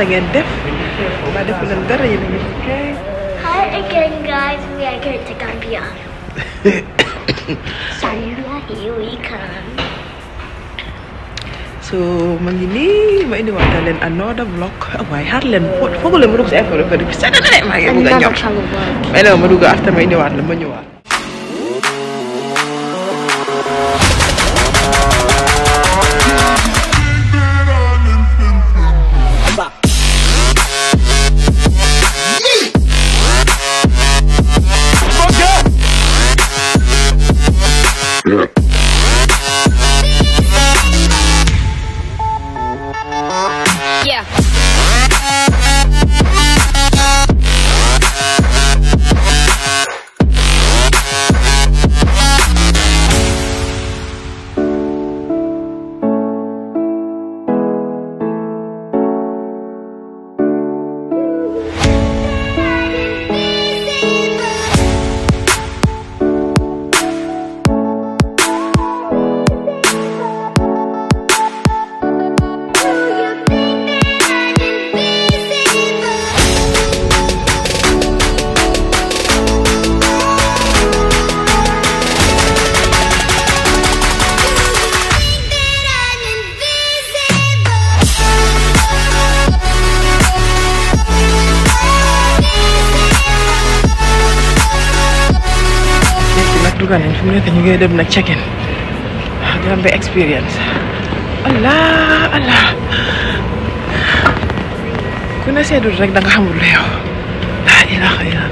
naka Hi again guys, we are going to Gambia. Salula, here we come. so ma ngi nii ma indiwaat leen another vlog waaye xaar leen foog leen ma dugg si affaire bi maa ngi bugg a ñor mais nag ma dugg after ma indiwaat la ma ñëwaat dem nag check in Gambia experience allah allah ku na sedul rek da nga xamul lu yow ya. la ilaha illa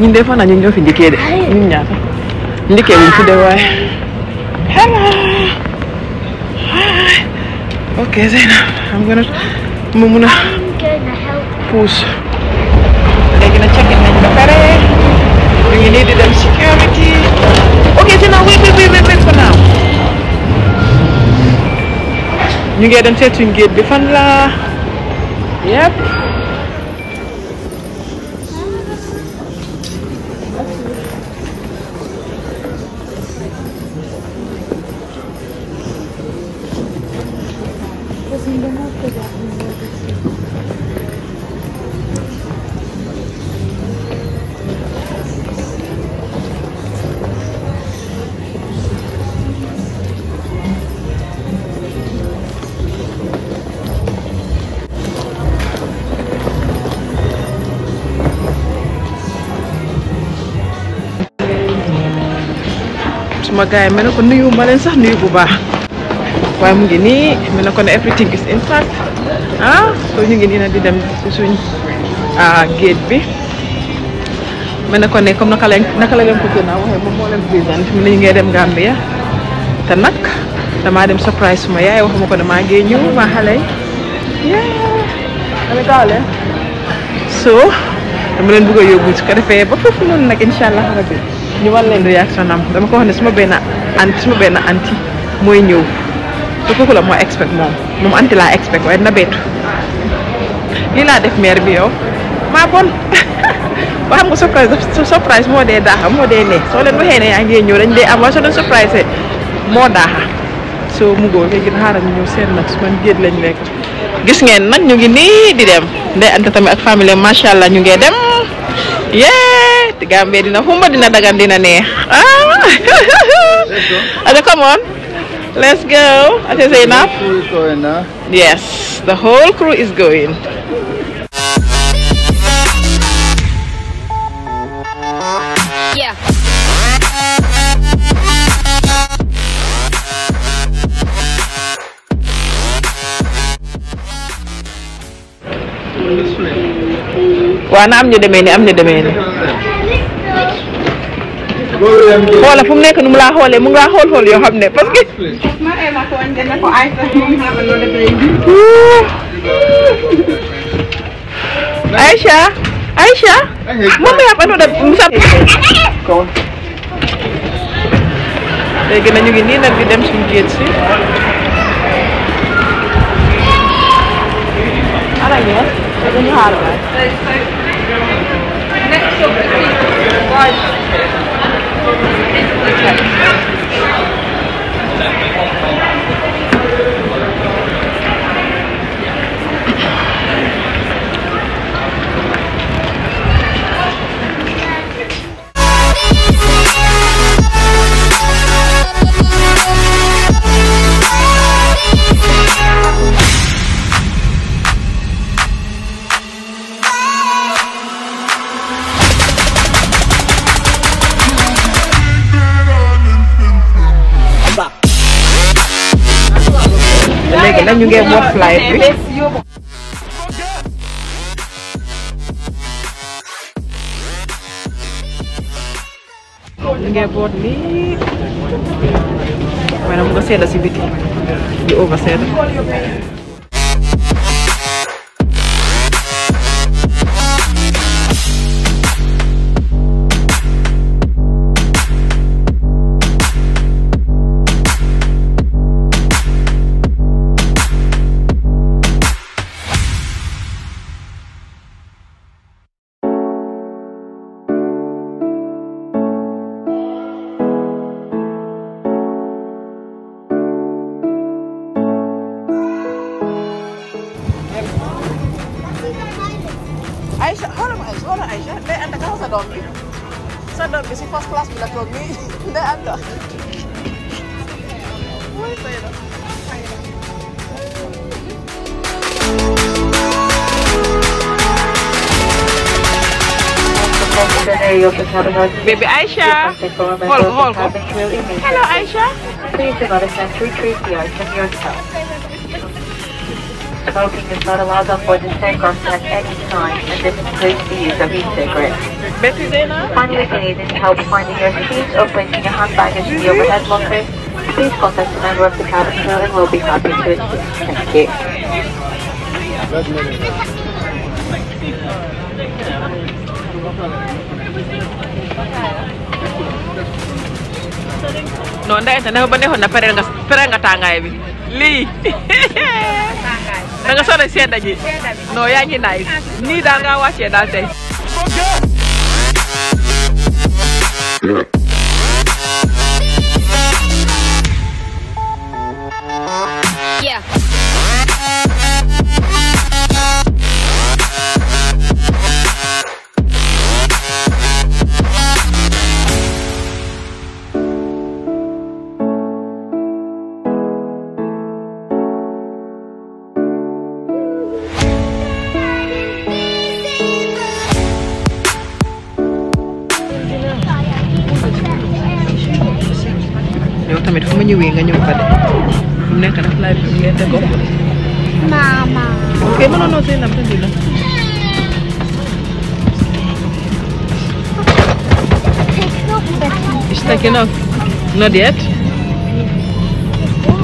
ñun defo na ñu ñoo fi de ñun ñaar ndike wu fi de way hello hi okay Zena I'm gonna mo mun a puus na check in nañ ba pare ñu ngi di dem security cannot wait, we we we we for now. You get them to Gate Bifandla. Yep. suma gaay mene ko nuyu ma len sax nuyu bu baax way mu ngi ni mene ko everything is intact ah so ñu ngi nii di dem ci suñ ah gate bi mene ko ne comme naka leen naka la leen ko gëna waxe mo mo leen présent mu ñu ngi dem Gambia te nak kan. dama ya. dem surprise suma yaay waxuma ko dama ngi ñu ma xalé yeah dama taale so dama leen bëgg a ci ka defé ba fofu non nak inshallah rabbi ñu wal leen réaction am dama ko wax ne suma benn anti suma benn anti mooy ñëw te kooku la moo expect moom moom anti laa expect waaye na beetu lii laa def mère bi yow ma bon ba xam nga surprise surprise moo dee daaxa moo dee ne soo leen waxee ne yaa ngi ñëw dañ dee am waaye soo leen surprise moo daaxa so mu góor léegi xaaral ñu ñëw seen nag man géej lañ nekk gis ngeen nag ñu ngi nii di dem ndey ante tamit ak famille macha allah ñu ngi dem yeah Gambia dina humba dina dagan dina neex ah Aja come on let's go Aja Zainab yes the whole crew is going waa na am ñu demee ni am ñu demee ni xoola fu mu nekk nu mu laa xoolee mu ngi laa xool xool yoo xam ne parce que Aisha Aisha mama yap anoda musa léegi na ñu ngi nii nag di dem suñu géej si ara ngeen dañu Thank you. ñu nih boot fly bi ñu ngee boot lii maanaam nga di over Baby Aisha. Volvo, Volvo. Hello, Aisha. Please do not attempt to retrieve the item yourself. Smoking is not allowed on board the aircraft at any time, and this includes the use of e-cigarettes. Finally, if you need any help finding your seat or placing your hand baggage in the overhead locker, please contact a member of the cabin crew and we'll be happy to assist. Thank you. Thank you. non ndeyante ne ba neexoon na pere nga pere nga tàngaay bi lii da nga sore sedda ji non yaa ngi naay nii daal nga wàccee Siete compras. Mamá. ¿Qué no no sé, no not yet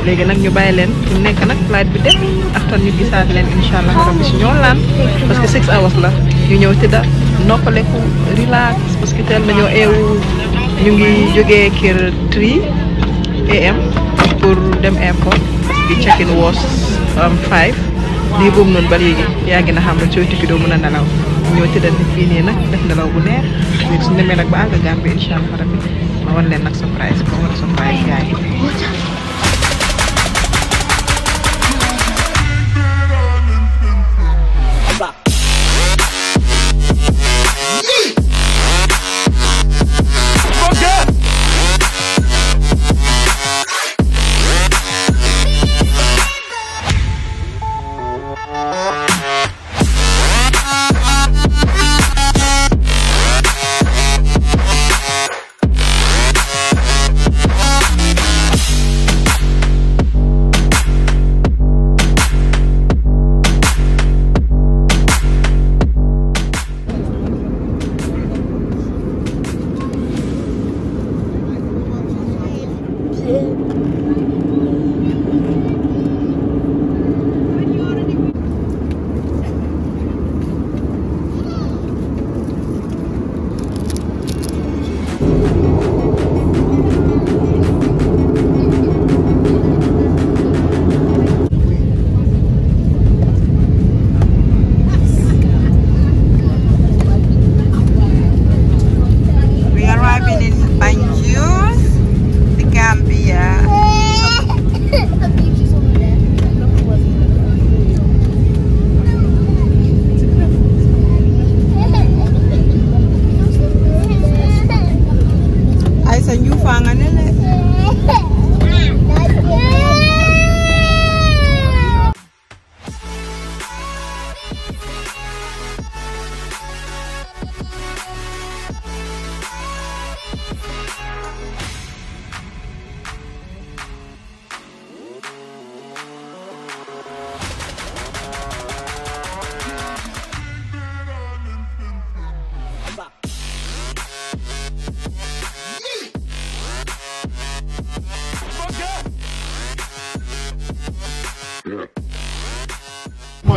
léegi nag ñu bàyyi leen fi nekk flight bi dem axtan ñu gisaat leen allah nga ñoo parce que six hours la ñu tida. tëdda relax parce que teel nañoo eewu ñu ngi jógee kër 3 am pour dem airport gi check-in was um, five Di boobu ya noonu ba léegi yaa gën a xam rek sooy tukki doo mën a nelaw ñoo tëddal ni fii nii nag def nelaw bu neex ba àgg Gambie incha allah rabbi ma wan leen surprise ma war surprise guys.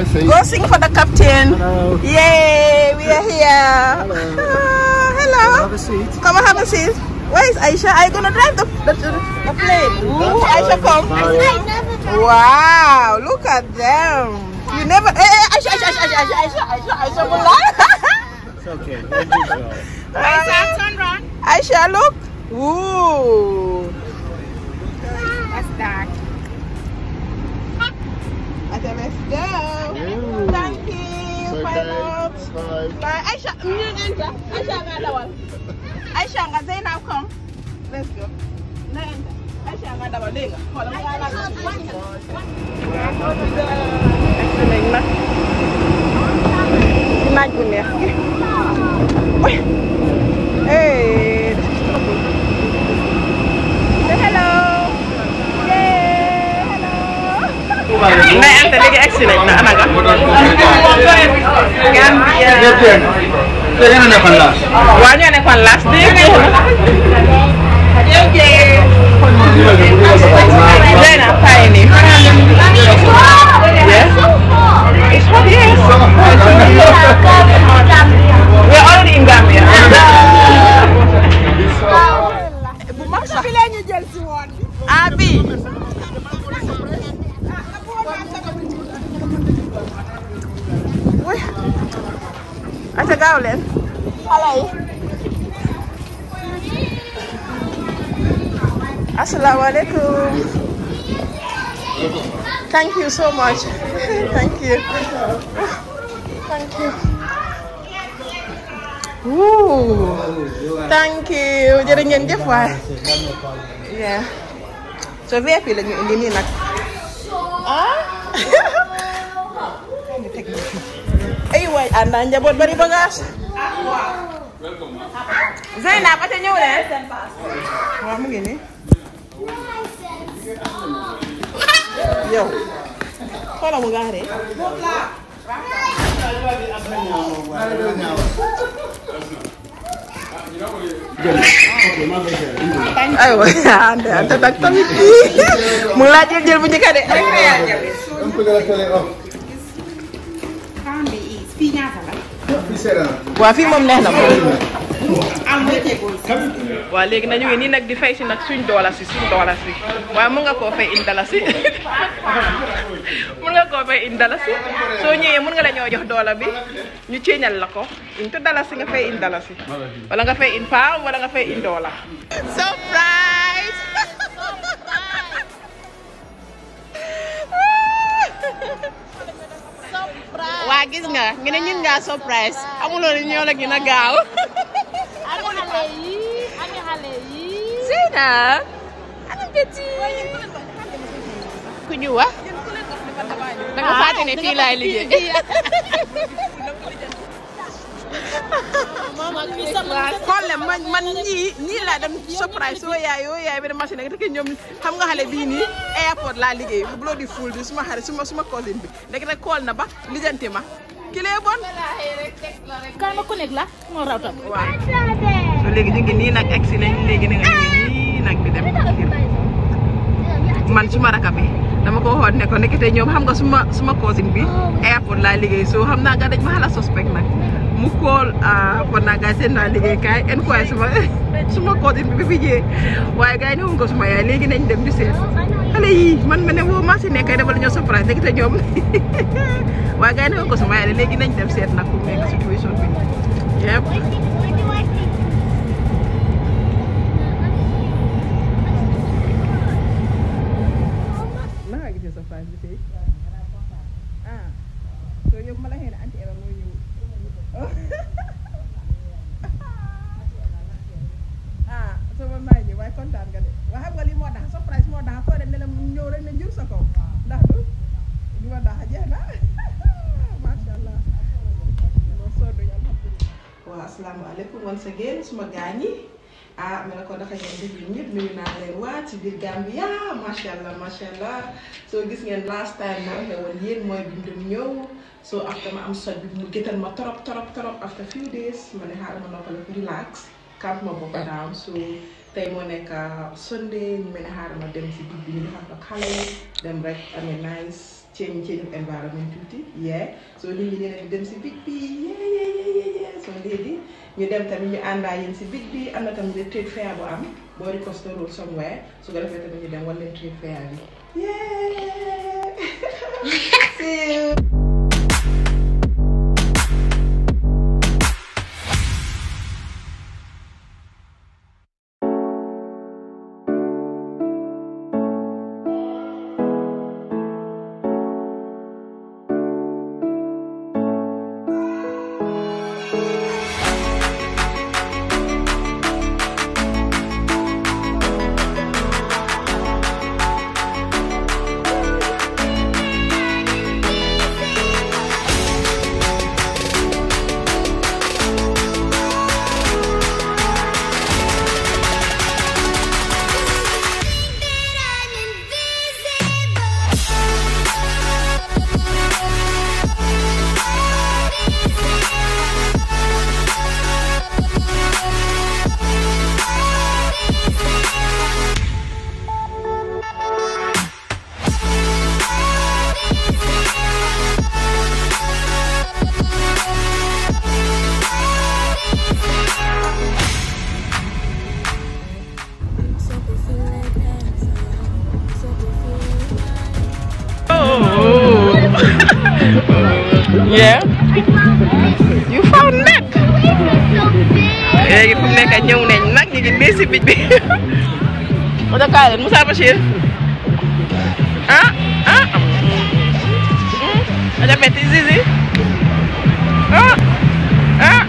say. Go sing for the captain. Hello. Yay, we are here. Hello. Ah, hello. Come have a seat. Come have a seat. Where is Aisha? Are you going to drive the, the, the plane? Ooh, Aisha, come. Wow, look at them. You never... Hey, eh, eh, hey, Aisha, Aisha, Aisha, Aisha, Aisha, Aisha, Aisha, Aisha, It's okay. Aisha, turn around. Aisha, look. Ooh. go. Thank you. Okay. Bye, Bye. Bye. Aisha, enter. Aisha, another one. Aisha, Zainab, come. Let's go. Excellent. Imagine. We're already in Gambia. Acha gaaw Halo. Assalamualaikum. Assalamualaikum. thank you so much thank you thank you Ooh, thank you Jadi ngen jëf waay yeah so VIP la ini nak? ah way ànd ak njaboot bagas. bagage. Zeyna ba ca ñëw de. waaw mu ngi nii. yow. xoolal mu Ayo, ayo aywa ànd ànd tamit mu laaj jël jël bu fii ñaata la. waaw fii moom neex na moom. waaw léegi nañu ngi nii nag di fay si nag suñ doola si suñ doola si waaw mun nga koo fay in dala si mun nga koo fay in dala si soo ñëwee mun nga la ñoo jox doola bi ñu ceeñal la ko in te dala si nga fay in dala si wala nga fay in paa wala nga fay in doola. waa gis nga nga ne ñun ngaa surprise amuloo ni ñoo la gën a gaaw. amul xale yi amul xale yi. Zeyna. ana Betty. ku nga fàtte ne fii laay liggéey. Ah, xool le man ñii ñii laa dem surprise soo yaay bi de machine rek ñoom xam nga xale bii nii airport laa liggéey bu loo di bi suma xale suma suma collègue bi léegi nag kool na ba lijjanti ma ki bon. kan ma ku la moo raw tam. so léegi ñu ngi nii nag egg si nañ léegi nag ñu ngi nii nag di dem man suma raka bi dama ko waxoon ne ko nekkite ñoom xam nga suma suma bi oh. airport laa liggéey so xam naa nga dañ ma xala suspect nag. mukol uh, panaga sen na liggéey kaay en quoi suma suma code bi fi jee waaye gars yi ne ko suma yaay nañ dem di seet xale yi man ma ne woo maa si nekkay dafa ñoo surprise léegi te ñoom waaye gars yi nañ dem situation bi ma gaañ yi ah ma ne ko naka ngeen déglu ñëpp nuyu naa leen waa ci biir Gambia macha allah macha allah soo gis ngeen last time ma waxee woon yéen mooy bi mu doon ñëw so after ma am soj bi mu gëtal ma torop trop trop after few days ma ne xaaral ma noppale ko relax calm ma bopp down so. tey moo nekk uh, Sunday ñu mel ne xaaral ma dem si guddi bi ñu xam ak xale yi dem rek amee nice change change environment tuuti yee soo nit ñi dem si bit bi yee yee ñu dem tamit ñu àndaa yéen si bit bi am na tamit le trade fair bu am boori Costa Road somewhere su ko defee tamit ñu dem wala trade fair bi yee you found Mac? léegi fu mu Mac ñëw nañ nag Mac ngi nii si bij bi o da kaa leen Moussa Bachir ah ah hmm? a jafet Zizi ah ah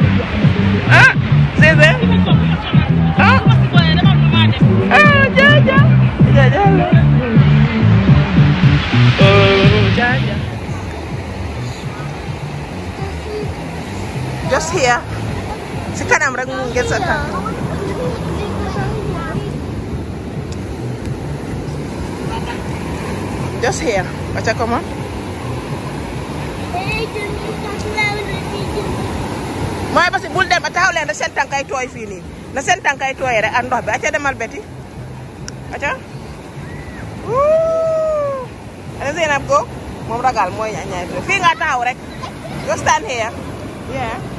ah Zizi ah ah jaa jaa jaa jaa jaa just here sekarang orang mungkin sekarang just here baca kamu mooy parce que bul dem taxaw leen na seen tànkay tooy fii nii na seen tànkay tooy rek ak ndox bi aca demal beti aca ana Zeynab go moom ragal mooy ñaay fii nga taxaw rek go stand here yeah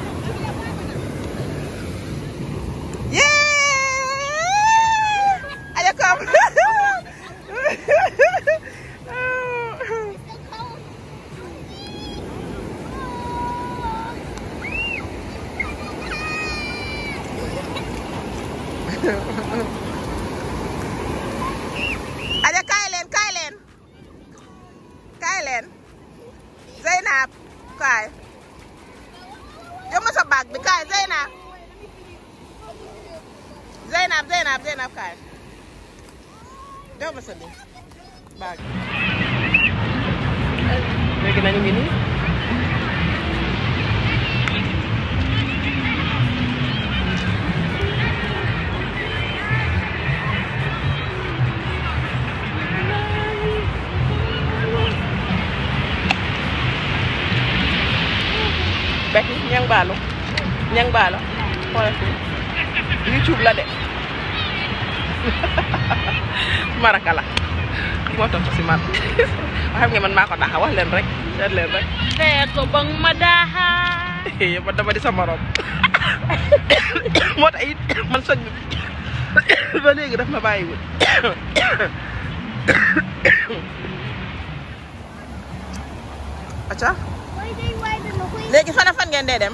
Dah pasal ni. Bag. Mereka main gini. Back ni, nyang balo. nhang balo. YouTube lah dek. maraka la moo topp si man xam nga man maa ko daaxa wax leen rek seet leen rek seet ko ba ma daaxa man dama di sa morom moo tax man soj bi ba léegi ma bàyyiwul acca léegi fan a fan ngeen dee dem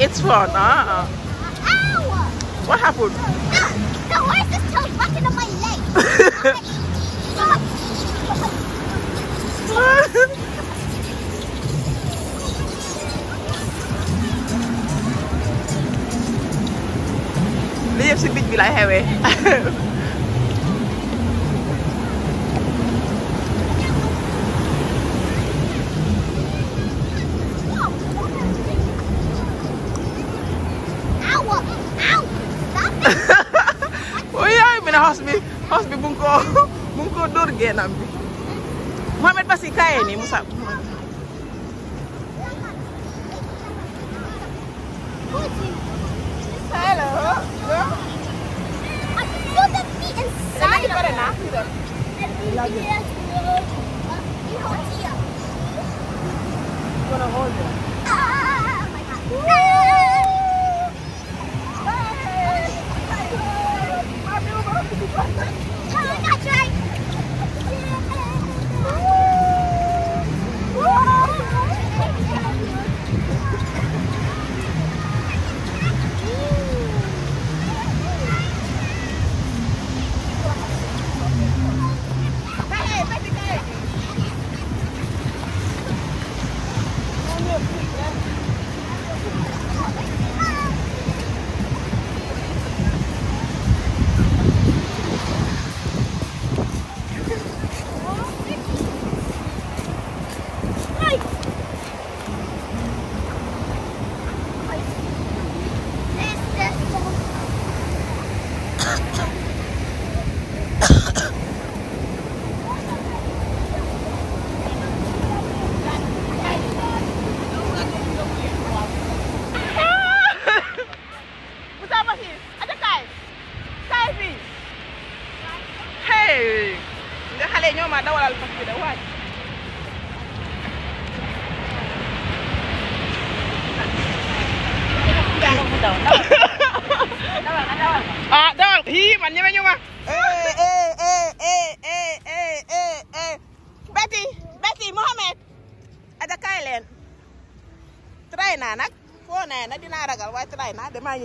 It's fun. uh Ow! What happened? The, the horse is tugged back into my leg. Liam, sig bit bila eh? här. hasbi hasbi bungko bungko durge nambi Muhammad pasti kaya ni musa Hello.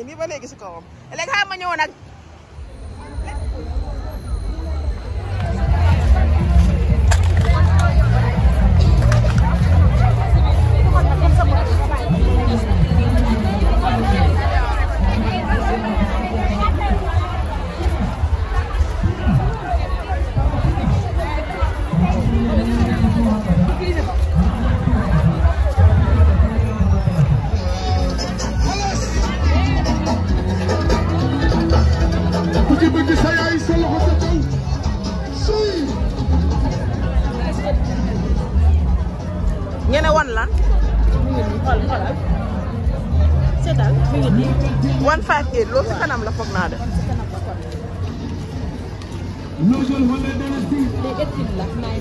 niet wanneer ik ze yëkkati sa yaay sa loxo sa kaw suy ñene wan lan seetal mi ngi nii one five la foog naa